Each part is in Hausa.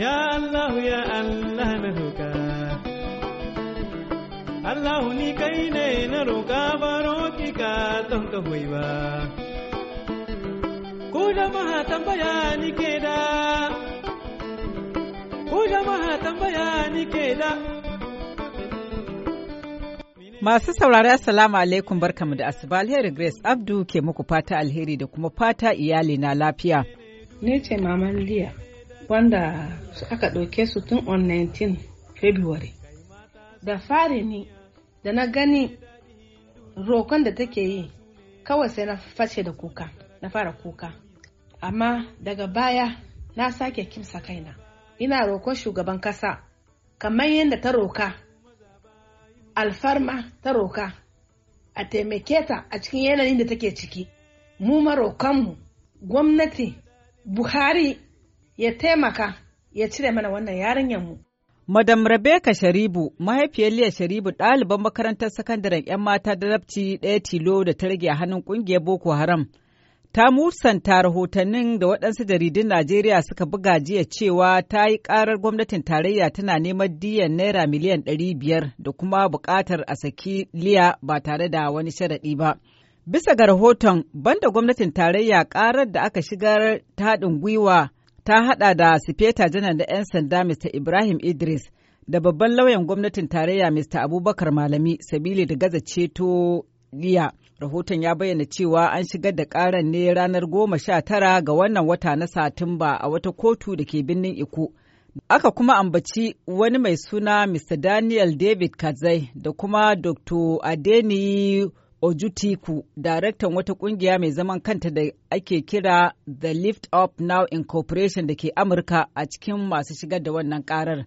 Ya ya Allah na Allah ni kai ne na roƙa baro ka ka Masu saurari Assalamu alaikum barkamu da asuba alheri Grace Abdu ke muku fata alheri da kuma fata iyali na lafiya. Ne ce Maman Liya. wanda aka ɗauke su tun on 19 february da fari ne da na gani rokon da take yi kawai sai na fashe da kuka na fara kuka amma daga baya na sake kimsa kaina ina rokon shugaban kasa kamar yadda ta roka alfarma ta roka a taimake ta a cikin yanayin da take ciki mu marokanmu gwamnati buhari ya taimaka ya cire mana wannan yarinyar mu. Madam Rebecca Sharibu, mahaifiyar Liya Sharibu ɗaliban makarantar sakandaren 'yan mata da rabci ɗaya tilo da ta rage a hannun ƙungiyar Boko Haram. Ta musanta rahotannin da waɗansu jaridun Najeriya suka buga jiya cewa ta yi ƙarar gwamnatin tarayya tana neman diyan naira miliyan ɗari biyar da kuma buƙatar a saki Liya ba tare da wani sharaɗi ba. Bisa ga rahoton, banda gwamnatin tarayya ƙarar da aka shigar ta haɗin gwiwa ta haɗa da sifeta janar da 'yan sanda Mr. Ibrahim Idris da babban lauyan gwamnatin tarayya Mr. Abubakar Malami sabili da gaza ceto liya. Rahoton ya bayyana cewa an shigar da karan ne ranar goma sha tara ga wannan wata na Satumba a wata kotu da ke birnin Iko. Aka kuma ambaci wani mai suna Mr. Daniel David Kazai da kuma Dr. Adeni Ojutiku, daraktan wata kungiya mai zaman kanta da ake kira The Lift Up Now Incorporation da ke Amurka a cikin masu shigar da wannan karar.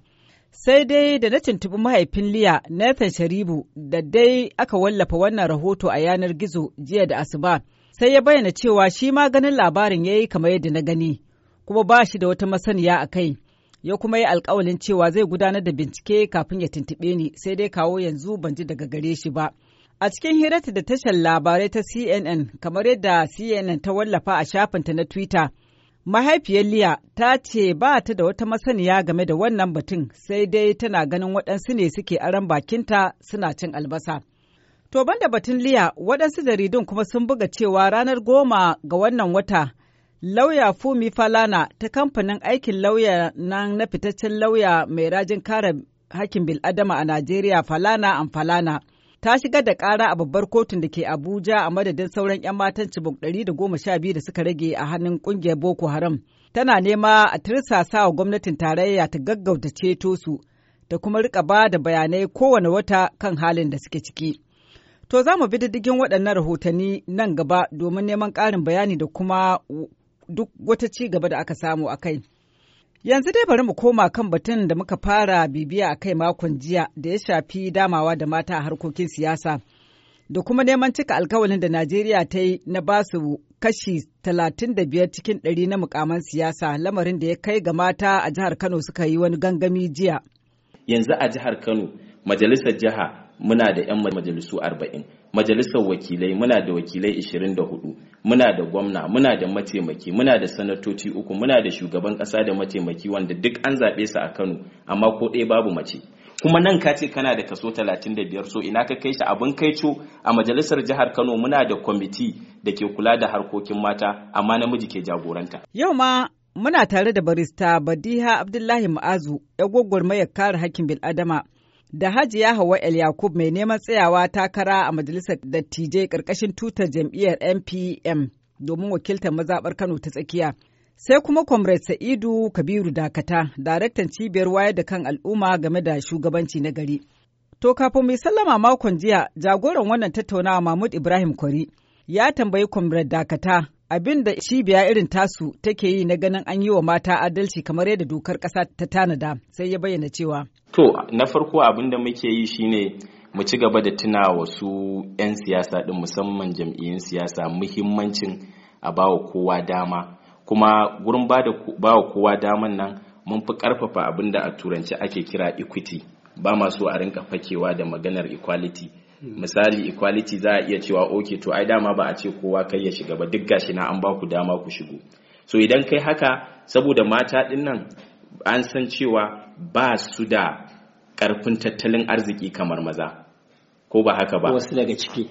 Sai dai da na tuntubi mahaifin Liya Nathan Sharibu da dai aka wallafa wannan rahoto a yanar gizo jiya da asuba, sai ya bayyana cewa shi ma ganin labarin ya yi kamar yadda na gani, kuma ba shi da wata masaniya a kai. ya kuma yi alkawalin cewa zai gudanar da bincike kafin ya tuntube ni sai dai kawo yanzu ban ji daga gare shi ba. A cikin hirarta da tashar labarai ta CNN, kamar yadda CNN ta wallafa a shafinta na Twitter, mahaifiyar Liya ta ce ba ta da wata masaniya game da wannan batun sai dai tana ganin waɗansu ne suke aran bakinta suna cin albasa. To da batun Liya, waɗansu jaridun kuma sun buga cewa ranar goma ga wannan wata, lauya Fumi Falana ta kamfanin aikin lauya nan na fitaccen lauya mai rajin kare hakkin bil'adama a Najeriya Falana Amfalana. Falana. ta shigar da ƙara a babbar kotun da ke Abuja a madadin sauran 'yan matan cibok 112 da suka rage a hannun ƙungiyar Boko Haram. Tana nema a tirsasa wa gwamnatin tarayya ta gaggauta ceto su da kuma rika ba da bayanai kowane wata kan halin da suke ciki. To za mu bi diddigin waɗannan rahotanni nan gaba domin neman ƙarin bayani da kuma duk wata ci gaba da aka samu a kai. Yanzu dai bari mu koma kan batun da muka fara bibiya a kai makon jiya da ya shafi damawa da mata a harkokin siyasa da kuma neman cika alkawalin da Najeriya ta yi na basu kashi 35 cikin 100 na mukaman siyasa lamarin da ya kai ga mata a jihar Kano suka yi wani gangami jiya. Yanzu a jihar Kano majalisar jiha muna da 'yan majalisu arba'in. majalisar wakilai muna da wakilai 24 muna da gwamna muna da mataimaki muna da sanatoci uku muna da shugaban kasa da mataimaki wanda duk an zaɓe su a kano amma ko ɗaya babu mace kuma nan ka ce kana da kaso 35 so ina ka kai shi abin co a majalisar jihar kano muna da kwamiti da ke kula da harkokin mata amma namiji ke jagoranta yau ma muna tare da barista badiha abdullahi ma'azu ya gwagwarmayar kare hakkin bil'adama da Hajiya Hauwa El Yakub mai neman tsayawa takara a Majalisar Dattijai ƙarƙashin tutar jam'iyyar NPM domin wakiltar mazaɓar Kano ta tsakiya. Sai kuma Comrade Sa'idu Kabiru Dakata, daraktan cibiyar wayar da kan al'umma game da shugabanci na gari. To kafin mai sallama makon jiya, jagoran wannan tattaunawa Mahmud Ibrahim Kwari ya tambayi Comrade Dakata abin da cibiya irin tasu take yi na ganin an yi wa mata adalci kamar yadda dokar ƙasa ta tanada sai ya bayyana cewa. To, na farko abin da muke yi shine mu ci gaba da tuna wasu 'yan siyasa ɗin musamman jam'iyyun siyasa muhimmancin a bawa kowa dama. Kuma gurin bawa kowa daman nan mun fi ƙarfafa abin da a turanci ake kira equity ba masu a rinka fakewa da maganar equality. misali equality za a iya cewa okay to ai dama ba a ce kowa kai ya shiga ba duk gashi na an ba ku dama ku shigo so idan kai haka saboda mata din nan an san cewa ba su da karfin tattalin arziki kamar maza ko ba haka ba wasu daga ciki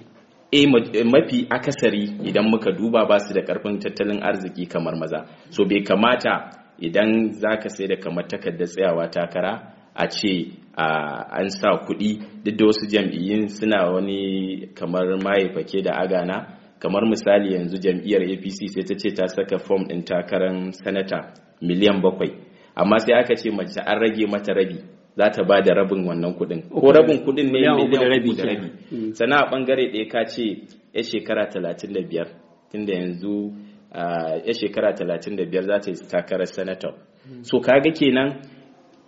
e mafi akasari idan muka duba ba su da karfin tattalin arziki kamar maza so bai kamata idan za ka sai da kamar takardar tsayawa takara a ce an sa kuɗi duk da wasu jam'iyyun suna wani kamar mahaifake da agana kamar misali yanzu jam'iyyar apc sai ta ce ta saka fom ɗin takarar sanata miliyan bakwai amma sai aka ce mace an rage mata rabi za ta ba da rabin wannan kuɗin ko rabin kuɗin ne miliyan uku da rabi mm. sana a ɓangare ɗaya ka ce ya shekara talatin da biyar tunda yanzu ya shekara talatin da biyar za ta yi takarar sanata mm. so kaga kenan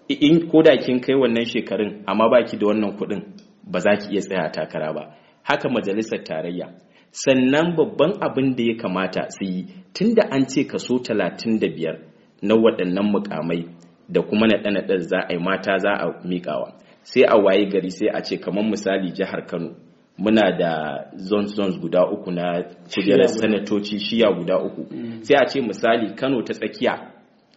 in koda kin kai wannan shekarun amma baki da wannan kuɗin ba za ki iya tsaya takara ba haka majalisar tarayya sannan babban abin da ya kamata su yi tunda an ce kaso 35 na waɗannan mukamai da kuma naɗa ɗanaɗar za a yi mata za a miƙawa sai a waye gari sai a ce kamar misali jihar kano muna da zones zones guda uku na kujerar sanatoci shiya guda uku mm. sai a ce misali kano ta tsakiya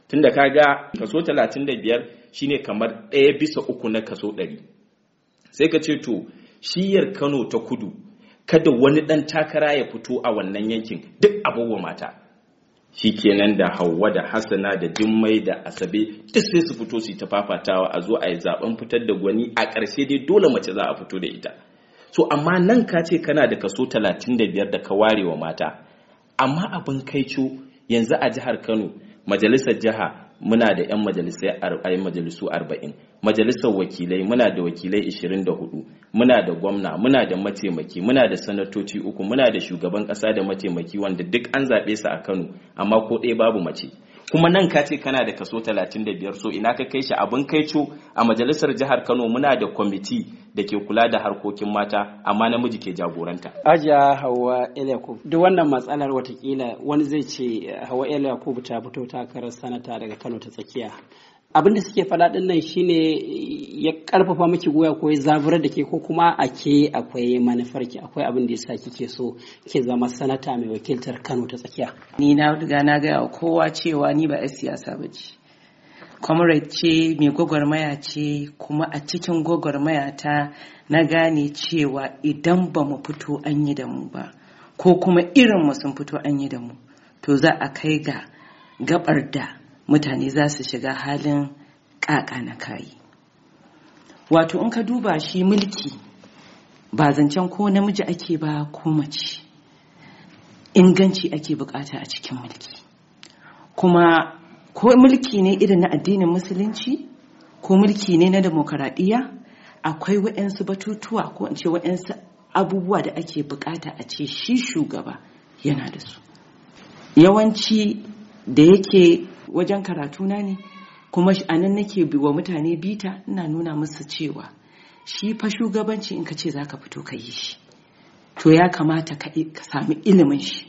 tunda kaga kaso 35 shine kamar ɗaya bisa uku na kaso 100 sai ka ce to shiyar Kano ta kudu kada wani ɗan takara ya fito a wannan yankin duk abubuwa mata shi kenan da Hauwa da Hassana da Jummai da Asabe duk sai su fito su ta fafatawa a zo a yi zaben fitar da gwani a ƙarshe dai dole mace za a fito da ita so amma nan ka ce kana da kaso 35 da ka ware wa mata amma abin kaico yanzu a jihar Kano majalisar jiha muna da 'yan majalisai a majalisu 40 majalisar wakilai muna da wakilai 24 muna da gwamna muna da mataimaki muna da sanatoci uku muna da shugaban ƙasa da mataimaki wanda duk an zaɓe su a kano amma ko ɗaya babu mace kuma nan ka ce kana da kaso 35 so ina ka kai shi abin kaico a majalisar jihar Kano muna da kwamiti da ke kula da harkokin mata amma namiji ke jagoranta. Ajiya Hawa Eliakub duk wannan matsalar watakila wani zai ce Hawa Eliakub ta fito takarar sanata daga Kano ta tsakiya abin da suke faɗa ɗin nan shine ya ƙarfafa miki goya ko ya da ke ko kuma a ke akwai manufar ki akwai abin da yasa kike so ke zama sanata mai wakiltar Kano ta tsakiya ni na riga na ga kowa cewa ni ba yar siyasa ba ce comrade ce mai gwagwarmaya ce kuma a cikin gwagwarmaya ta na gane cewa idan ba mu fito an yi da mu ba ko kuma irin mu sun fito an yi da mu to za a kai ga gabar da mutane za su shiga halin ƙaƙa na kayi wato in ka duba shi mulki ba zancen ko namiji ake ba ko mace inganci ake bukata a cikin mulki kuma ko mulki ne irin na addinin musulunci ko mulki ne na demokaradiyya akwai waɗansu batutuwa ko in ce waɗansu abubuwa da ake bukata a ce shi shugaba yana da su yawanci da yake wajen karatuna ne kuma a nan nake wa mutane bita ina nuna musu cewa shi fa shugabanci in ka ce za ka fito ka yi shi to ya kamata ka sami ilimin shi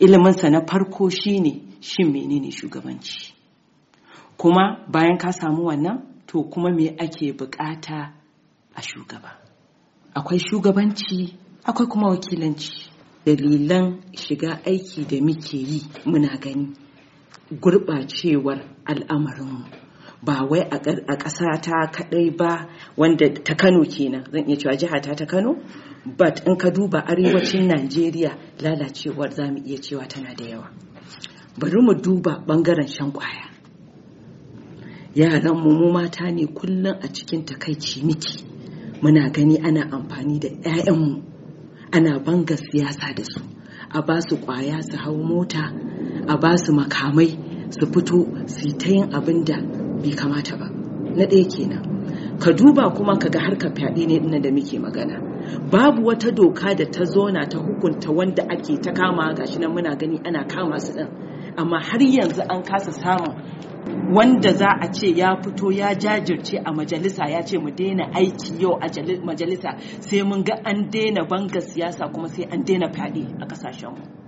iliminsa na farko shine shin menene shugabanci kuma bayan ka samu wannan to kuma me ake bukata a shugaba akwai shugabanci akwai kuma wakilanci dalilan shiga aiki da muke yi muna gani gurɓacewar al'amarin ba wai a ƙasa ta kaɗai ba wanda ta kano kenan zan iya cewa jiha ta ta kano Ba in ka duba arewacin najeriya lalacewar za mu iya cewa tana da yawa bari mu duba ɓangaren shan kwaya yaran mu mata ne kullum a cikin takaici miki muna gani ana amfani da 'ya'yanmu ana banga siyasa da su a ba su kwaya su hau mota a ba su makamai su fito su yi ta yin abin da bai kamata ba na ɗaya kenan ka duba kuma kaga ka fyaɗe ne ɗin da muke magana babu wata doka da ta zona ta hukunta wanda ake ta kama gashi nan muna gani ana kama su ɗin amma har yanzu an kasa samun wanda za a ce ya fito ya jajirce a majalisa ya ce mu daina aiki yau a majalisa sai mun ga an daina banga siyasa kuma sai an daina fyaɗe a ƙasashenmu.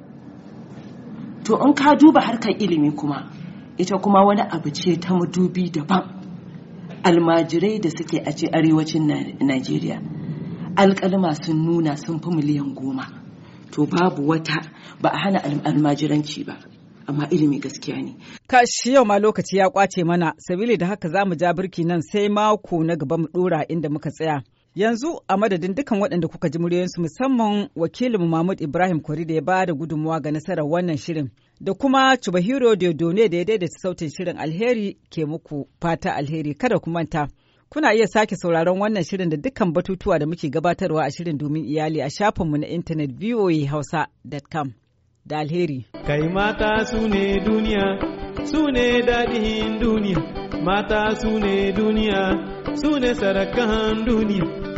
to in ka duba harkar ilimi kuma ita kuma wani abu ce ta madubi daban almajirai da suke a ce arewacin najeriya alkalma sun nuna sun fi miliyan goma to babu wata ba a hana almajiranci ba amma ilimi gaskiya ne. Kashi yau ma lokaci ya kwace mana, sabili da haka za mu ja birki nan sai mako na gaba mu dora inda muka tsaya. Yanzu a madadin dukan waɗanda kuka ji muryoyinsu musamman wakilin Mahmud Ibrahim Kori da ya ba da gudunmawa ga nasarar wannan shirin da kuma Chubahiro Dodone da ya daidaita sautin shirin alheri ke muku fata alheri kada ku manta. Kuna iya sake sauraron wannan shirin da dukkan batutuwa da muke gabatarwa a shirin domin iyali a shafinmu na intanet voahausa.com da alheri. Kai mata su ne duniya, su ne daɗin duniya, mata su ne duniya. su ne sarakan duniya